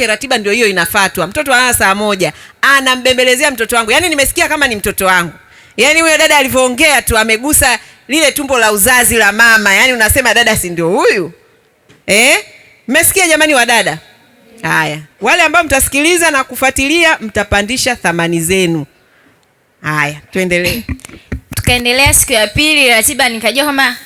Ratiba ndio hiyo inafatwa. Mtoto ana saa moja anambembelezea mtoto wangu, yaani nimesikia kama ni mtoto wangu. Yaani huyo dada alivyoongea tu amegusa lile tumbo la uzazi la mama, yaani unasema dada, si ndio huyu eh? Mmesikia jamani, wa dada? Haya, wale ambao mtasikiliza na kufuatilia mtapandisha thamani zenu. Haya, tuendelee. Tukaendelea siku ya pili, ratiba nikajua kama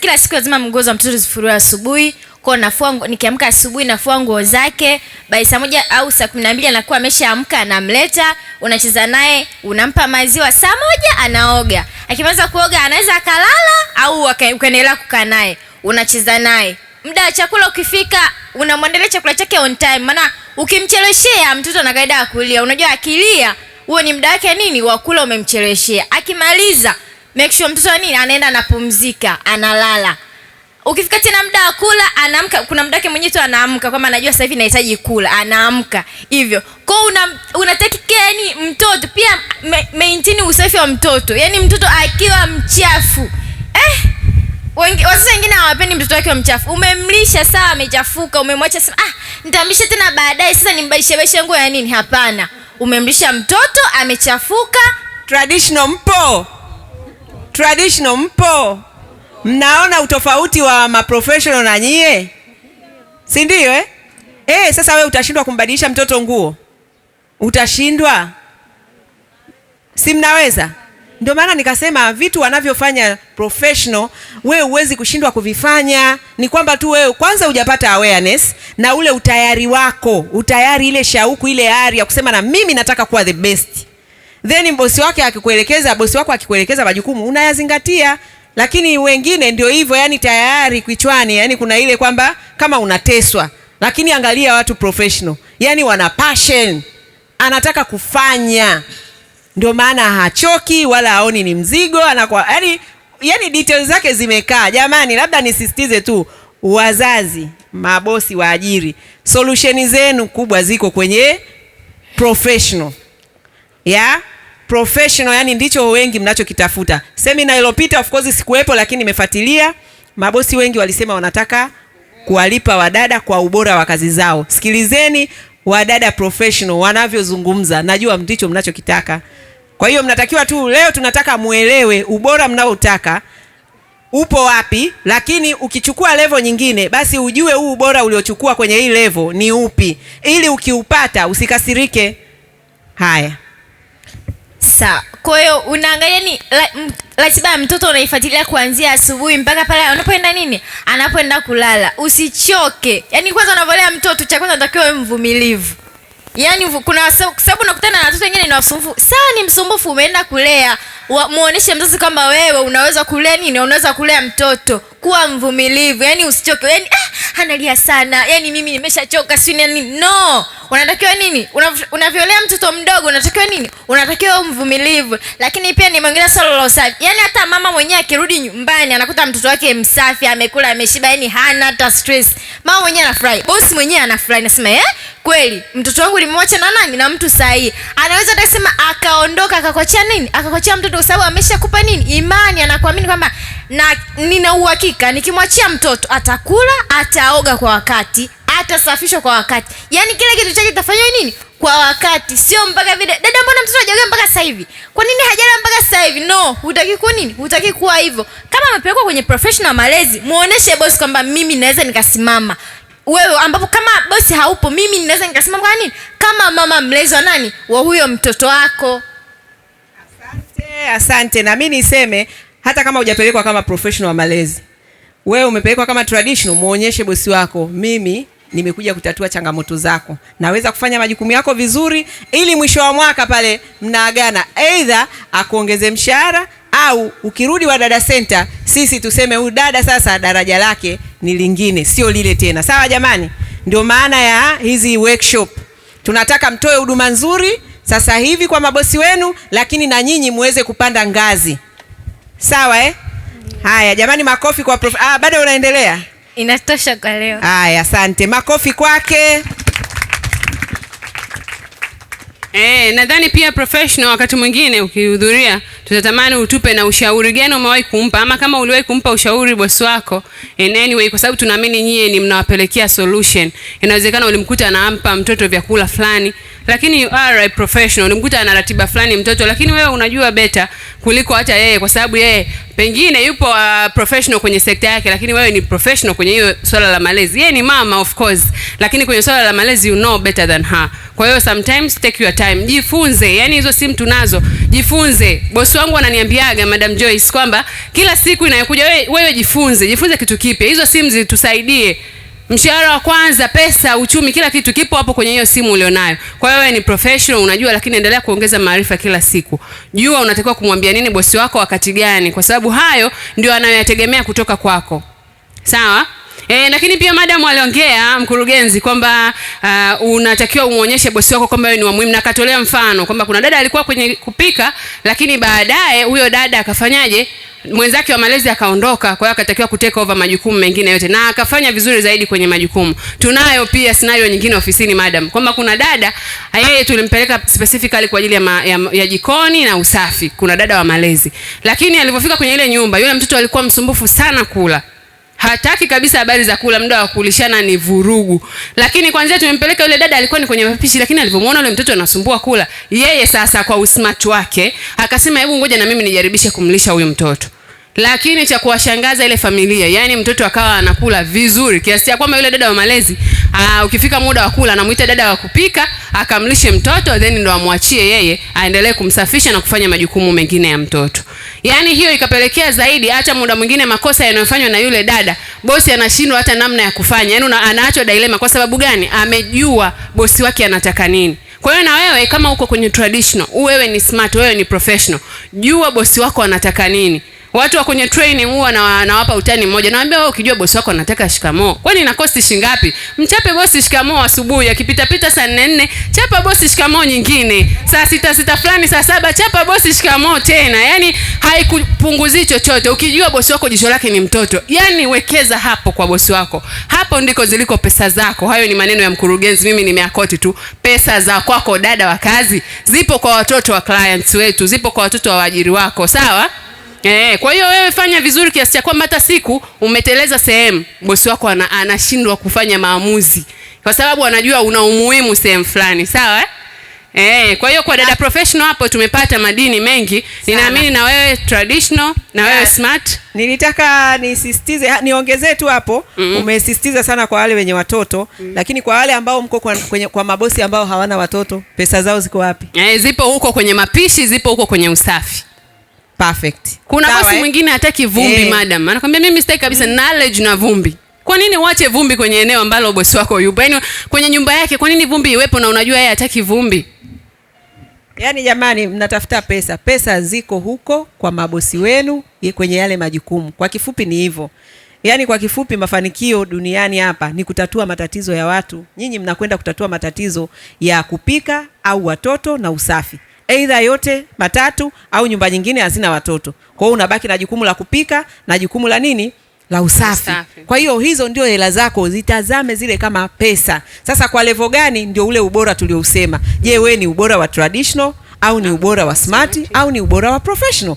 kila siku lazima mgozo wa mtoto zifuruliwe asubuhi kwa nafua nikiamka asubuhi nafua nguo zake, bai saa moja au saa kumi na mbili anakuwa ameshaamka, anamleta, unacheza naye, unampa maziwa, saa moja anaoga. Akimaliza kuoga anaweza akalala au ukaendelea kukaa naye, unacheza naye. Muda wa chakula ukifika, unamwendelea chakula chake on time, maana ukimcheleshea mtoto na kaida ya kulia. Unajua akilia huo ni muda wake nini wa kula, umemcheleshea. Akimaliza make sure mtoto nini anaenda anapumzika, analala ukifikati na muda wa kula anaamka. Kuna mdake mwenyewe tu anaamka, kama anajua sasa hivi nahitaji kula, anaamka hivyo. Kwa hiyo una, unatakika mtoto pia maintain usafi wa mtoto, yani mtoto akiwa mchafu eh, wazazi wengine hawapendi mtoto wake wa mchafu. Umemlisha sawa, amechafuka, umemwacha sema, ah, nitamlisha tena baadaye, sasa nimbadilishe badilishe nguo ya nini? Hapana, umemlisha mtoto amechafuka. Traditional mpo, traditional mpo Mnaona utofauti wa maprofessional na nyie, si ndio eh? Eh, sasa we utashindwa kumbadilisha mtoto nguo? Utashindwa? si mnaweza? Ndio maana nikasema vitu wanavyofanya professional we huwezi kushindwa kuvifanya. Ni kwamba tu wewe kwanza hujapata awareness na ule utayari wako, utayari, ile shauku, ile ari ya kusema na mimi nataka kuwa the best, then bosi wake akikuelekeza, bosi wako akikuelekeza majukumu unayazingatia. Lakini wengine ndio hivyo, yani tayari kichwani, yani kuna ile kwamba kama unateswa. Lakini angalia watu professional, yani wana passion, anataka kufanya, ndio maana hachoki wala haoni ni mzigo, anakuwa yani yani details zake zimekaa. Jamani, labda nisisitize tu, wazazi, mabosi, waajiri, solusheni zenu kubwa ziko kwenye professional ya professional, yani ndicho wengi mnachokitafuta. Semina iliyopita of course sikuwepo, lakini nimefuatilia. Mabosi wengi walisema wanataka kuwalipa wadada kwa ubora wa kazi zao. Sikilizeni wadada professional wanavyozungumza, najua ndicho mnachokitaka. Kwa hiyo mnatakiwa tu, leo tunataka muelewe ubora mnaotaka upo wapi, lakini ukichukua levo nyingine, basi ujue huu ubora uliochukua kwenye hii levo ni upi, ili ukiupata usikasirike. Haya. Sawa. Kwa hiyo unaangalia ni ratiba ya mtoto unaifuatilia kuanzia asubuhi mpaka pale unapoenda nini? Anapoenda kulala. Usichoke. Yaani kwanza unavolea mtoto cha kwanza unatakiwa uwe mvumilivu. Yaani kuna sababu nakutana na watoto wengine ni wasumbufu. Saa ni msumbufu umeenda kulea. Muoneshe mzazi kwamba wewe unaweza kulea nini? Unaweza kulea mtoto. Kuwa mvumilivu. Yaani usichoke. Yaani ah, analia sana, yani mimi nimeshachoka, si nini? No, unatakiwa nini? Unavyolea mtoto mdogo unatakiwa nini? Unatakiwa mvumilivu. Lakini pia nimeongelea swala la usafi, yani hata mama mwenyewe akirudi nyumbani anakuta mtoto wake msafi, amekula, ameshiba, yani hana hata stress. Mama mwenyewe anafurahi, bosi mwenyewe anafurahi, nasema eh, kweli mtoto wangu nimemwacha na nani na mtu sahihi. Anaweza hata kusema akaondoka akakochea nini, akakochea mtoto, kwa sababu ameshakupa nini, imani, anakuamini kwamba na nina uhakika nikimwachia mtoto atakula, ataoga kwa wakati, atasafishwa kwa wakati, yaani kila kitu chake kitafanywa nini kwa wakati, sio mpaka vile dada, mbona mtoto hajaoga mpaka sasa hivi? Kwa nini hajala mpaka sasa hivi? No, hutaki kuwa nini, hutaki kuwa hivyo. Kama amepelekwa kwenye professional malezi, muoneshe bosi kwamba mimi naweza nikasimama wewe ambapo kama bosi haupo, mimi ninaweza nikasimama kwa nini, kama mama mlezi wa nani, wa huyo mtoto wako. Asante, asante. Na mimi niseme hata kama hujapelekwa kama professional wa malezi, wewe umepelekwa kama traditional, muonyeshe bosi wako, mimi nimekuja kutatua changamoto zako, naweza kufanya majukumu yako vizuri, ili mwisho wa mwaka pale mnaagana, aidha akuongeze mshahara au ukirudi wa dada Center sisi tuseme huyu dada sasa daraja lake ni lingine, sio lile tena. Sawa jamani, ndio maana ya hizi workshop. Tunataka mtoe huduma nzuri sasa hivi kwa mabosi wenu, lakini na nyinyi muweze kupanda ngazi. Sawa eh? Haya jamani, makofi kwa prof. Ah, bado unaendelea? Inatosha kwa leo. Haya, asante, makofi kwake. Eh, nadhani pia professional wakati mwingine ukihudhuria tutatamani utupe na ushauri gani umewahi kumpa ama kama uliwahi kumpa ushauri bosi wako in anyway, kwa sababu tunaamini nyie ni mnawapelekea solution. Inawezekana ulimkuta anampa mtoto vyakula fulani lakini you are a professional. Unamkuta ana ratiba fulani mtoto, lakini wewe unajua beta kuliko hata yeye, kwa sababu yeye pengine yupo uh, professional kwenye sekta yake, lakini wewe ni professional kwenye hiyo swala la malezi. Yeye ni mama of course, lakini kwenye swala la malezi you know better than her. Kwa hiyo sometimes take your time, jifunze. Yani hizo simu tunazo, jifunze. Bosi wangu ananiambiaga Madam Joyce kwamba kila siku inayokuja wewe, wewe jifunze, jifunze kitu kipya. Hizo simu zitusaidie mshahara wa kwanza, pesa, uchumi, kila kitu kipo hapo kwenye hiyo simu ulionayo. Kwa hiyo wewe ni professional unajua, lakini endelea kuongeza maarifa kila siku. Jua unatakiwa kumwambia nini bosi wako wakati gani, kwa sababu hayo ndio anayoyategemea kutoka kwako. Sawa. E, lakini pia madam aliongea mkurugenzi kwamba uh, unatakiwa umuonyeshe bosi wako kwamba ni wa muhimu, na akatolea mfano kwamba kuna dada alikuwa kwenye kupika, lakini baadaye huyo dada akafanyaje mwenzake wa malezi akaondoka, kwa hiyo akatakiwa kuteka over majukumu mengine yote, na akafanya vizuri zaidi kwenye majukumu. Tunayo pia scenario nyingine ofisini madam, kwamba kuna dada yeye tulimpeleka specifically kwa ajili ya, ma, ya, ya jikoni na usafi. Kuna dada wa malezi, lakini alipofika kwenye ile nyumba, yule mtoto alikuwa msumbufu sana kula hataki kabisa habari za kula, muda wa kulishana ni vurugu. Lakini kwanza tumempeleka yule dada, alikuwa ni kwenye mapishi, lakini alivyomwona yule mtoto anasumbua kula, yeye sasa kwa usmart wake akasema, hebu ngoja na mimi nijaribishe kumlisha huyu mtoto lakini cha kuwashangaza ile familia, yani mtoto akawa anakula vizuri kiasi cha kwamba yule dada wa malezi aa, ah, ukifika muda wa kula anamuita dada wa kupika akamlishe mtoto, then ndo amwachie yeye aendelee kumsafisha na kufanya majukumu mengine ya mtoto. Yani hiyo ikapelekea zaidi hata muda mwingine makosa yanayofanywa na yule dada, bosi anashindwa hata namna ya kufanya, yani anaachwa dilema. Kwa sababu gani? Amejua bosi wake anataka nini. Kwa hiyo na wewe kama uko kwenye traditional, wewe ni smart, wewe ni professional, jua bosi wako anataka nini Watu wa kwenye training huwa na nawapa utani mmoja. Naambia wewe ukijua bosi wako anataka shikamoo. Kwani ina cost shingapi? Mchape bosi shikamoo asubuhi akipita pita saa 4, chapa bosi shikamoo nyingine. Saa sita sita fulani saa saba chapa bosi shikamoo tena. yani haikupunguzii chochote. Ukijua bosi wako jicho lake ni mtoto. yani wekeza hapo kwa bosi wako. Hapo ndiko ziliko pesa zako. Hayo ni maneno ya mkurugenzi, mimi nimeakoti tu. Pesa za kwako dada wa kazi zipo kwa watoto wa clients wetu, zipo kwa watoto wa waajiri wako, sawa? Eh, kwa hiyo wewe fanya vizuri kiasi cha kwamba hata siku umeteleza sehemu, bosi wako anashindwa kufanya maamuzi kwa sababu anajua una umuhimu sehemu fulani, sawa eh? Eh, kwa hiyo kwa dada professional hapo tumepata madini mengi. Ninaamini na wewe traditional na wewe yes, eh, smart. Nilitaka nisisitize niongezee tu hapo mm -hmm. Umesisitiza sana kwa wale wenye watoto mm -hmm. Lakini kwa wale ambao mko kwa, kwenye, kwa mabosi ambao hawana watoto pesa zao ziko wapi? Eh, zipo huko kwenye mapishi, zipo huko kwenye usafi perfect. Kuna bosi eh? mwingine hataki vumbi e. Eh. Madam anakwambia mimi sitaki kabisa mm. knowledge na vumbi. Kwa nini uache vumbi kwenye eneo ambalo bosi wako yupo? Yaani kwenye nyumba yake kwa nini vumbi iwepo na unajua yeye hataki vumbi? Yaani jamani, mnatafuta pesa, pesa ziko huko kwa mabosi wenu kwenye yale majukumu. Kwa kifupi ni hivyo. Yaani kwa kifupi, mafanikio duniani hapa ni kutatua matatizo ya watu. Nyinyi mnakwenda kutatua matatizo ya kupika au watoto na usafi aidha yote matatu au nyumba nyingine hazina watoto. Kwa hiyo unabaki na jukumu la kupika na jukumu la nini la usafi. Usafi. Kwa hiyo hizo ndio hela zako, zitazame zile kama pesa. Sasa kwa levo gani? Ndio ule ubora tuliousema. Je, wewe ni ubora wa traditional au ni ubora wa smart au ni ubora wa professional?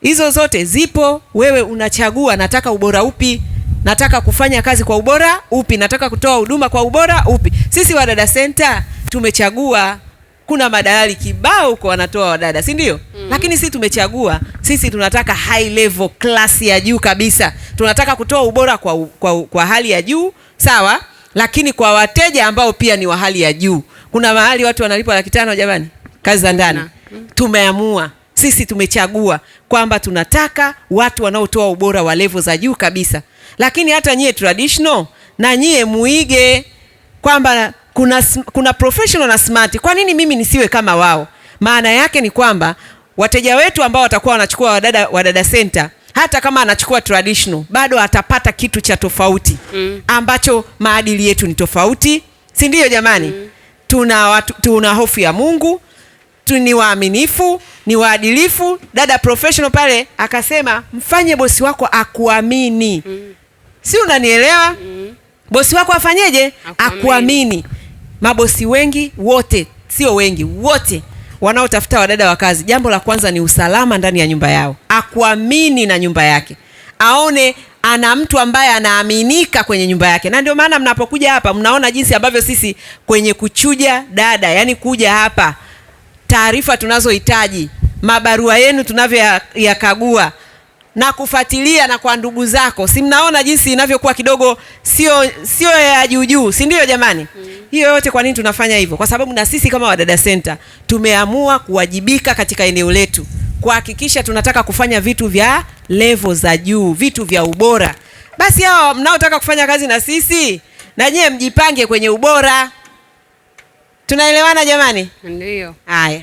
Hizo zote zipo, wewe unachagua, nataka ubora upi? Nataka kufanya kazi kwa ubora upi? Nataka kutoa huduma kwa ubora upi? Sisi wa Wadada Center tumechagua kuna madalali kibao kwa wanatoa wadada, si ndio? mm Lakini sisi tumechagua, sisi tunataka high level class ya juu kabisa, tunataka kutoa ubora kwa, kwa, kwa hali ya juu sawa, lakini kwa wateja ambao pia ni wa hali ya juu. Kuna mahali watu wanalipa laki tano jamani, kazi za ndani. mm Tumeamua sisi tumechagua kwamba tunataka watu wanaotoa ubora wa levo za juu kabisa, lakini hata nyie traditional na nyie muige kwamba kuna, kuna professional na smart. Kwa nini mimi nisiwe kama wao? Maana yake ni kwamba wateja wetu ambao watakuwa wanachukua wadada, Wadada Center hata kama anachukua traditional bado atapata kitu cha tofauti mm. ambacho maadili yetu ni tofauti, si ndio jamani? mm. tuna watu, tuna hofu ya Mungu tu, ni waaminifu, ni waadilifu. Dada professional pale akasema mfanye bosi wako akuamini mm. si unanielewa? mm. bosi wako afanyeje? Akuamini, akuamini. Mabosi wengi wote, sio wengi wote, wanaotafuta wadada wa kazi, jambo la kwanza ni usalama ndani ya nyumba yao, akuamini na nyumba yake, aone ana mtu ambaye anaaminika kwenye nyumba yake. Na ndio maana mnapokuja hapa mnaona jinsi ambavyo sisi kwenye kuchuja dada, yani kuja hapa, taarifa tunazohitaji, mabarua yenu tunavyoyakagua na kufuatilia na kwa ndugu zako, si mnaona jinsi inavyokuwa kidogo, sio sio ya juu juu, si ndio jamani? mm. Hiyo yote kwa nini tunafanya hivyo? Kwa sababu na sisi kama Wadada Center tumeamua kuwajibika katika eneo letu kuhakikisha tunataka kufanya vitu vya level za juu, vitu vya ubora. Basi hao mnaotaka kufanya kazi na sisi, na nyie mjipange kwenye ubora. Tunaelewana jamani? Ndio. Haya.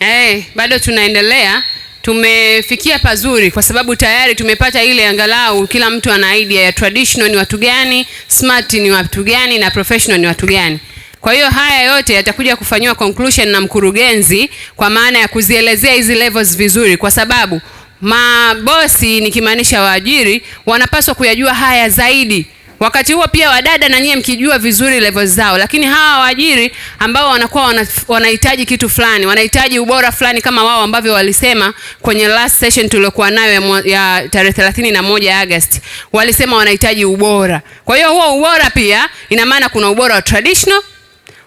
Eh, hey, bado tunaendelea tumefikia pazuri kwa sababu tayari tumepata ile angalau kila mtu ana idea ya traditional ni watu gani, smart ni watu gani na professional ni watu gani. Kwa hiyo haya yote yatakuja kufanyiwa conclusion na mkurugenzi kwa maana ya kuzielezea hizi levels vizuri kwa sababu mabosi nikimaanisha waajiri wanapaswa kuyajua haya zaidi. Wakati huo pia wadada na nyie mkijua vizuri level zao, lakini hawa waajiri ambao wanakuwa wanahitaji kitu fulani, wanahitaji ubora fulani kama wao ambavyo walisema kwenye last session tuliyokuwa nayo ya, ya tarehe 31 August, walisema wanahitaji ubora. Kwa hiyo huo ubora pia ina maana kuna ubora wa traditional,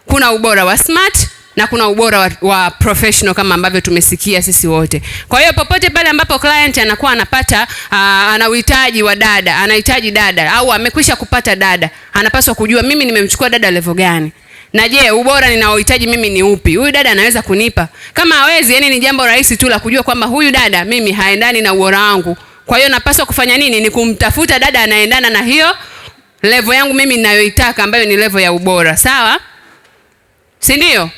kuna ubora wa smart na kuna ubora wa, wa professional kama ambavyo tumesikia sisi wote. Kwa hiyo popote pale ambapo client anakuwa anapata uh, ana uhitaji wa dada, anahitaji dada au amekwisha kupata dada, anapaswa kujua mimi nimemchukua dada level gani. Na je, ubora ninaohitaji mimi ni upi? Huyu dada anaweza kunipa? Kama hawezi, yani ni jambo rahisi tu la kujua kwamba huyu dada mimi haendani na ubora wangu. Kwa hiyo napaswa kufanya nini? Ni kumtafuta dada anaendana na hiyo level yangu mimi ninayoitaka ambayo ni level ya ubora. Sawa? Si ndio?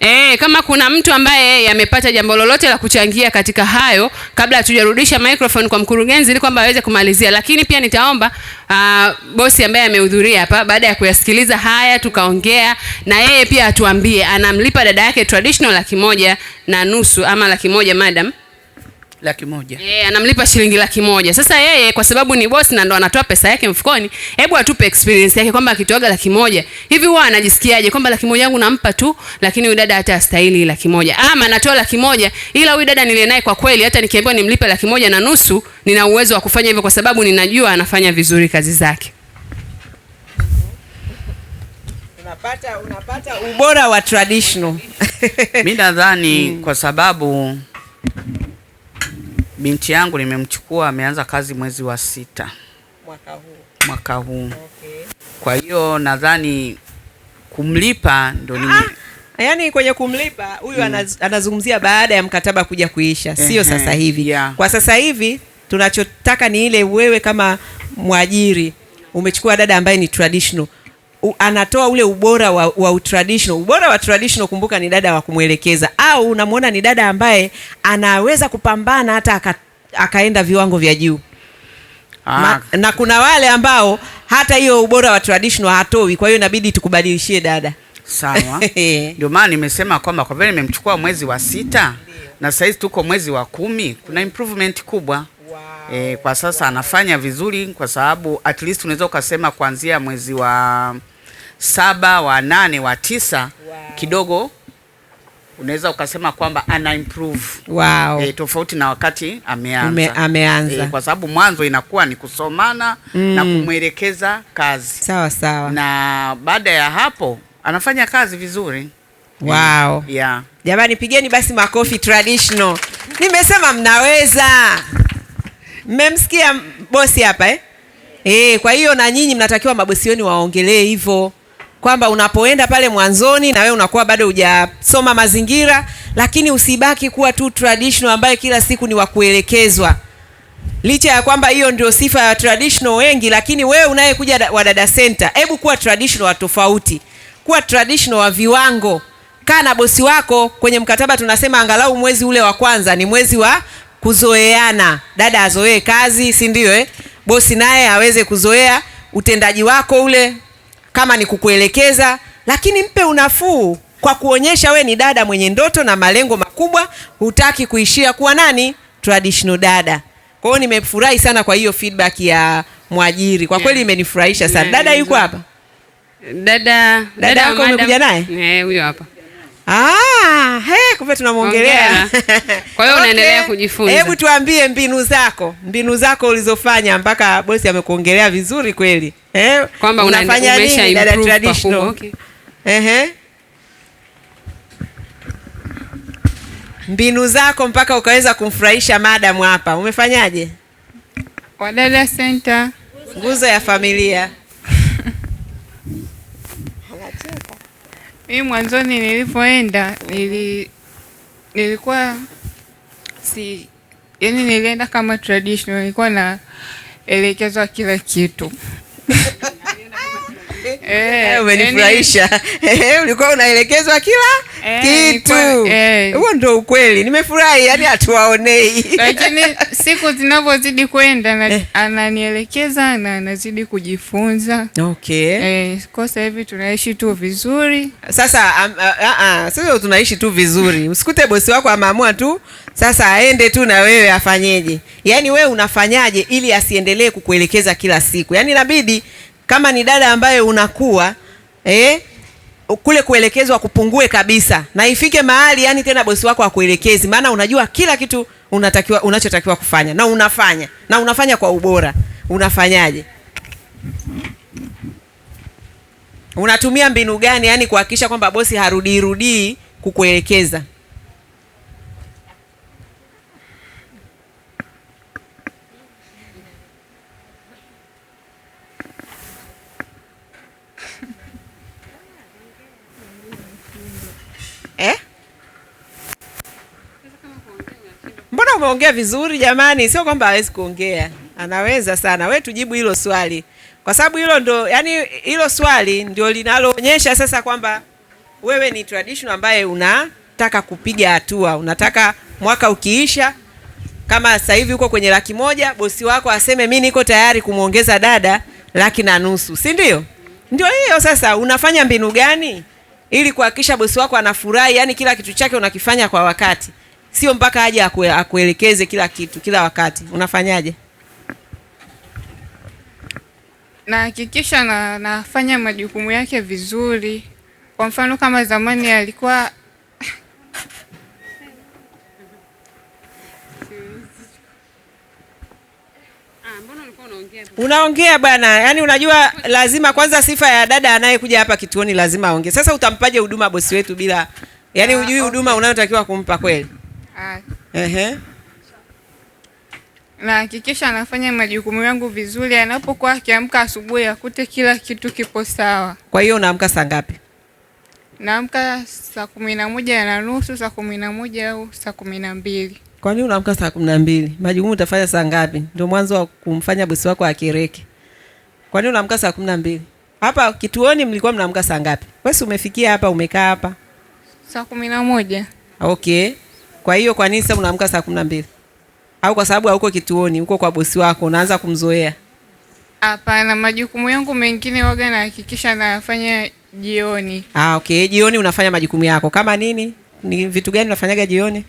Eh, kama kuna mtu ambaye amepata jambo lolote la kuchangia katika hayo, kabla hatujarudisha microphone kwa mkurugenzi ili kwamba aweze kumalizia, lakini pia nitaomba aa, ah, bosi ambaye amehudhuria hapa, baada ya kuyasikiliza haya tukaongea na yeye pia atuambie anamlipa dada yake traditional laki moja na nusu ama laki moja madam laki moja. Yeah, anamlipa shilingi laki moja. Sasa yeye kwa sababu ni boss na ndo anatoa pesa yake mfukoni, hebu atupe experience yake kwamba akitoaga laki moja hivi huwa anajisikiaje kwamba laki moja yangu nampa tu, lakini huyu dada hata astahili laki moja ama anatoa laki moja ila huyu dada nile naye kwa kweli, hata nikiambiwa nimlipe laki moja na nusu nina uwezo wa kufanya hivyo, kwa sababu ninajua anafanya vizuri kazi zake. Unapata, unapata ubora wa traditional. Mimi nadhani mm. kwa sababu Binti yangu nimemchukua ameanza kazi mwezi wa sita mwaka huu, mwaka huu. Okay. Kwa hiyo nadhani kumlipa ndo ni ah, yaani kwenye kumlipa huyu mm. anazungumzia baada ya mkataba kuja kuisha sio sasa hivi yeah. Kwa sasa hivi tunachotaka ni ile wewe kama mwajiri umechukua dada ambaye ni traditional u, anatoa ule ubora wa, wa traditional. Ubora wa traditional, kumbuka, ni dada wa kumwelekeza, au unamwona ni dada ambaye anaweza kupambana hata aka, akaenda viwango vya juu. ah. na kuna wale ambao hata hiyo ubora wa traditional hatoi, kwa hiyo inabidi tukubadilishie dada. Sawa, ndio maana nimesema kwamba kwa vile nimemchukua mwezi wa sita na sasa tuko mwezi wa kumi, kuna improvement kubwa. Wow. E, kwa sasa wow. Anafanya vizuri kwa sababu at least unaweza ukasema kuanzia mwezi wa saba wa nane wa tisa wow. kidogo unaweza ukasema kwamba ana improve wow. E, tofauti na wakati ameanza, Ume, ameanza. E, kwa sababu mwanzo inakuwa ni kusomana mm. na kumwelekeza kazi sawa sawa, na baada ya hapo anafanya kazi vizuri wow. E, yeah. Jamani, pigeni basi makofi traditional. Nimesema mnaweza, mmemsikia bosi hapa eh? E, kwa hiyo na nyinyi mnatakiwa mabosi wenu waongelee hivyo kwamba unapoenda pale mwanzoni na wewe unakuwa bado hujasoma mazingira, lakini usibaki kuwa tu traditional ambaye kila siku ni wakuelekezwa. Licha ya kwamba hiyo ndio sifa ya traditional wengi, lakini wewe unayekuja Wadada Center, hebu kuwa traditional wa tofauti, kuwa traditional wa viwango. Kaa na bosi wako, kwenye mkataba tunasema angalau mwezi ule wa kwanza ni mwezi wa kuzoeana, dada azoee kazi, si ndio eh? Bosi naye aweze kuzoea utendaji wako ule kama ni kukuelekeza, lakini mpe unafuu kwa kuonyesha we ni dada mwenye ndoto na malengo makubwa, hutaki kuishia kuwa nani traditional dada. Kwa hiyo nimefurahi sana kwa hiyo feedback ya mwajiri, kwa kweli imenifurahisha sana. Dada yuko hapa, dada dada yako umekuja naye eh? Huyo hapa. Ah, hey, kumbe tunamwongelea. Kwa hiyo unaendelea okay, kujifunza. Hebu tuambie mbinu zako, mbinu zako ulizofanya mpaka bosi amekuongelea vizuri kweli. Eh? Kwamba unafanya nini dada traditional? Okay. Eh, eh. Mbinu zako mpaka ukaweza kumfurahisha madam hapa. Umefanyaje? Wadada Center, Nguzo ya Familia. Mimi mwanzoni nilipoenda nili, nilikuwa si yani, nilienda kama traditional, nilikuwa elekezo kila kitu Eh, eh, umenifurahisha. Eh, ulikuwa unaelekezwa kila eh, kitu eh. huo eh. Ndio ukweli, nimefurahi yani hatuwaonei lakini siku zinavyozidi kwenda eh, ananielekeza na anazidi kujifunza okay. Eh, kwa sasa hivi tunaishi tu vizuri sasa. Um, uh, uh, sasa tunaishi tu vizuri usikute bosi wako ameamua tu sasa aende tu na wewe afanyeje? Yaani wewe unafanyaje ili asiendelee kukuelekeza kila siku? Yaani inabidi kama ni dada ambaye unakuwa eh, kule kuelekezwa kupungue kabisa, na ifike mahali yani tena bosi wako akuelekezi, maana unajua kila kitu unatakiwa unachotakiwa kufanya na unafanya na unafanya kwa ubora. Unafanyaje? Unatumia mbinu gani yani kuhakikisha kwamba bosi harudi rudii kukuelekeza? umeongea vizuri jamani, sio kwamba hawezi kuongea, anaweza sana. We tujibu hilo swali, kwa sababu hilo ndo, yani hilo swali ndio linaloonyesha sasa kwamba wewe ni traditional ambaye unataka kupiga hatua, unataka mwaka ukiisha, kama sasa hivi uko kwenye laki moja, bosi wako aseme mi niko tayari kumwongeza dada laki na nusu, si ndio? Ndio hiyo sasa, unafanya mbinu gani ili kuhakikisha bosi wako anafurahi, yani kila kitu chake unakifanya kwa wakati sio mpaka aje akue, akuelekeze kila kitu kila wakati. Unafanyaje? Nahakikisha na, nafanya majukumu yake vizuri. Kwa mfano kama zamani alikuwa unaongea bwana, yaani unajua, lazima kwanza, sifa ya dada anayekuja hapa kituoni lazima aongee. Sasa utampaje huduma bosi wetu bila, yaani ah, hujui huduma unayotakiwa kumpa kweli? Ehe. Na hakikisha anafanya majukumu yangu vizuri, anapokuwa akiamka asubuhi akute kila kitu kipo sawa. Kwa hiyo unaamka saa ngapi? Naamka saa kumi na moja na nusu, saa kumi na moja au saa kumi na mbili. Kwa nini unaamka saa kumi na mbili? Majukumu utafanya saa ngapi? Ndio mwanzo wa kumfanya bosi wako akereke. Kwa nini unaamka saa kumi na mbili? Hapa kituoni mlikuwa mnaamka saa ngapi? Wewe umefikia hapa umekaa hapa saa kumi na moja. Okay. Kwa hiyo kwa nini sasa unaamka saa kumi na mbili? Au kwa sababu hauko kituoni, uko kwa bosi wako, unaanza kumzoea? Hapana, majukumu yangu mengine waga nahakikisha nafanya jioni. Ah, okay. Jioni unafanya majukumu yako kama nini? Ni vitu gani unafanyaga jioni?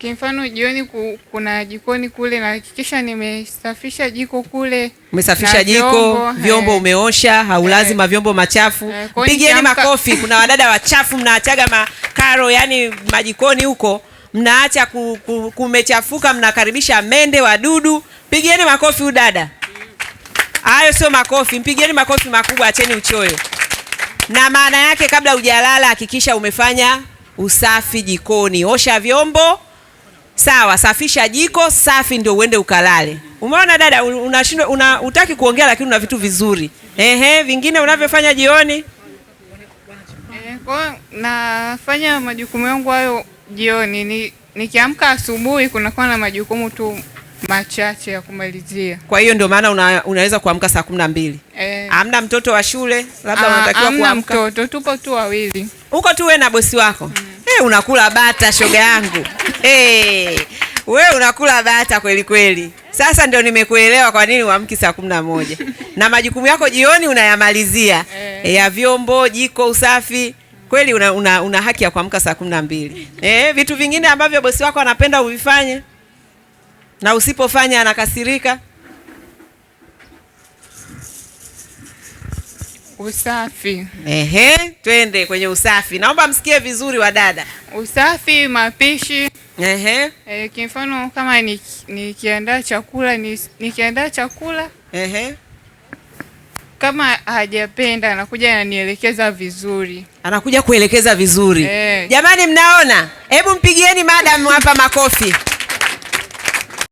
Kwa mfano jioni ku, kuna jikoni kule nahakikisha nimesafisha jiko kule. Umesafisha jiko, vyombo, hey. Eh. umeosha, haulazima eh. vyombo machafu. hey. Eh, Pigieni makofi. Kuna wadada wachafu mnaachaga makaro yani majikoni huko mnaacha kumechafuka, mnakaribisha mende, wadudu. Pigieni makofi huyu dada. Hayo sio makofi, mpigieni makofi makubwa, acheni uchoyo. Na maana yake kabla hujalala hakikisha umefanya usafi jikoni, osha vyombo, sawa, safisha jiko safi, ndio uende ukalale. Umeona dada, unashindwa una, utaki kuongea lakini una vitu vizuri. Ehe, vingine unavyofanya jioni, eh, nafanya majukumu yangu hayo jioni ni, nikiamka asubuhi kunakuwa na majukumu tu machache ya kumalizia. Kwa hiyo ndio maana una, unaweza kuamka saa kumi na mbili eh. Amna mtoto wa shule labda ah, unatakiwa kuamka. Mtoto tupo tu wawili huko tu wewe na bosi wako mm. Hey, eh, unakula bata shoga yangu hey, eh, wewe unakula bata kweli kweli. Sasa ndio nimekuelewa kwa nini uamki saa kumi na moja na majukumu yako jioni unayamalizia eh. eh ya vyombo, jiko, usafi Kweli una, una, una haki ya kuamka saa kumi na mbili. Eh, vitu vingine ambavyo bosi wako anapenda uvifanye na usipofanya anakasirika. Usafi. Ehe, twende kwenye usafi. Naomba msikie vizuri wadada. Usafi, mapishi. Ehe. Eh, kwa mfano kama nikiandaa ni chakula nikiandaa ni chakula. Ehe kama hajapenda anakuja ananielekeza vizuri, anakuja kuelekeza vizuri eh. Jamani, mnaona, hebu mpigieni madam hapa makofi.